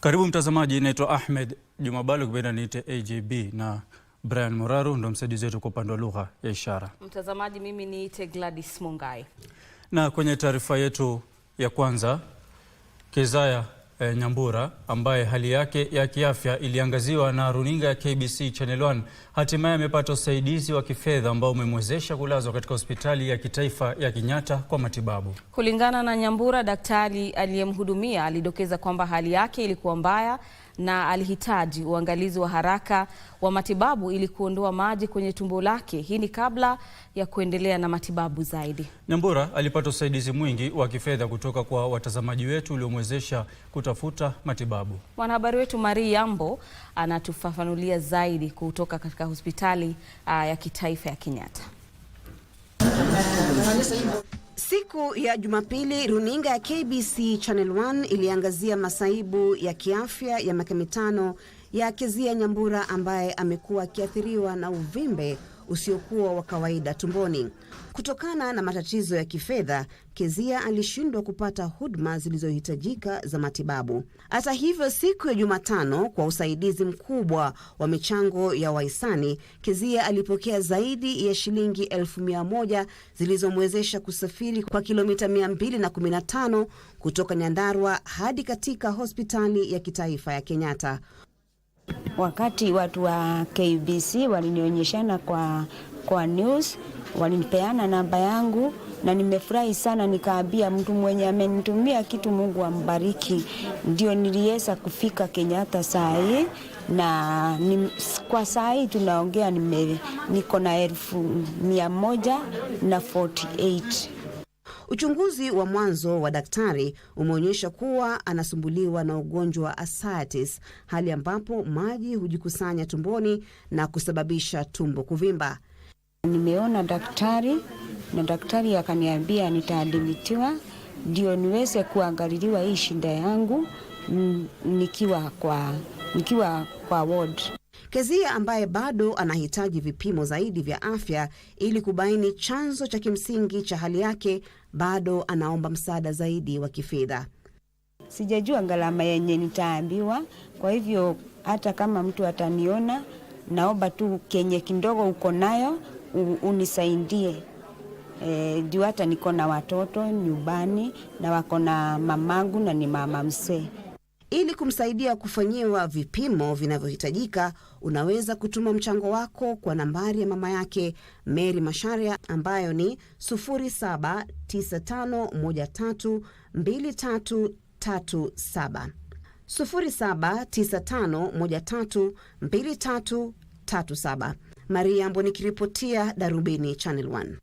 Karibu mtazamaji, naitwa Ahmed Jumabalo, kipenda niite AJB na Brian Muraru ndo msaidizi wetu kwa upande wa lugha ya ishara. Mtazamaji, mimi niite Gladys Mungai. Na kwenye taarifa yetu ya kwanza, Kezaya eh, Nyambura ambaye hali yake ya kiafya iliangaziwa na runinga ya KBC Channel 1 hatimaye amepata usaidizi wa kifedha ambao umemwezesha kulazwa katika hospitali ya kitaifa ya Kenyatta kwa matibabu. Kulingana na Nyambura, daktari aliyemhudumia alidokeza kwamba hali yake ilikuwa mbaya na alihitaji uangalizi wa haraka wa matibabu ili kuondoa maji kwenye tumbo lake. Hii ni kabla ya kuendelea na matibabu zaidi. Nyambura alipata usaidizi mwingi wa kifedha kutoka kwa watazamaji wetu uliomwezesha kutafuta matibabu. Mwanahabari wetu Marie Yambo anatufafanulia zaidi kutoka katika hospitali ah, ya kitaifa ya Kenyatta. Siku ya Jumapili, runinga ya KBC Channel 1 iliangazia masaibu ya kiafya ya miaka mitano ya Kezia Nyambura ambaye amekuwa akiathiriwa na uvimbe usiokuwa wa kawaida tumboni. Kutokana na matatizo ya kifedha, Kezia alishindwa kupata huduma zilizohitajika za matibabu. Hata hivyo, siku ya Jumatano, kwa usaidizi mkubwa wa michango ya wahisani, Kezia alipokea zaidi ya shilingi elfu mia moja zilizomwezesha kusafiri kwa kilomita 215 kutoka Nyandarua hadi katika hospitali ya kitaifa ya Kenyatta wakati watu wa KBC walinionyeshana kwa, kwa news walinipeana namba yangu na nimefurahi sana, nikaambia mtu mwenye amenitumia kitu, Mungu ambariki. Ndio niliweza kufika Kenyatta saa hii, na ni, kwa saa hii tunaongea nime, niko na elfu mia moja na 48 Uchunguzi wa mwanzo wa daktari umeonyesha kuwa anasumbuliwa na ugonjwa wa ascites, hali ambapo maji hujikusanya tumboni na kusababisha tumbo kuvimba. Nimeona daktari na daktari akaniambia nitaadimitiwa ndio niweze kuangaliliwa hii shida yangu mm, nikiwa kwa, nikiwa kwa ward. Kezia ambaye bado anahitaji vipimo zaidi vya afya ili kubaini chanzo cha kimsingi cha hali yake, bado anaomba msaada zaidi wa kifedha. Sijajua gharama yenye nitaambiwa, kwa hivyo hata kama mtu ataniona, naomba tu kenye kidogo uko nayo unisaidie. E, juu hata niko na watoto nyumbani na wako na mamangu na ni mama msee ili kumsaidia kufanyiwa vipimo vinavyohitajika, unaweza kutuma mchango wako kwa nambari ya mama yake Mary Masharia ambayo ni 0795132337, 0795132337. Maria Ambo nikiripotia Darubini Channel 1.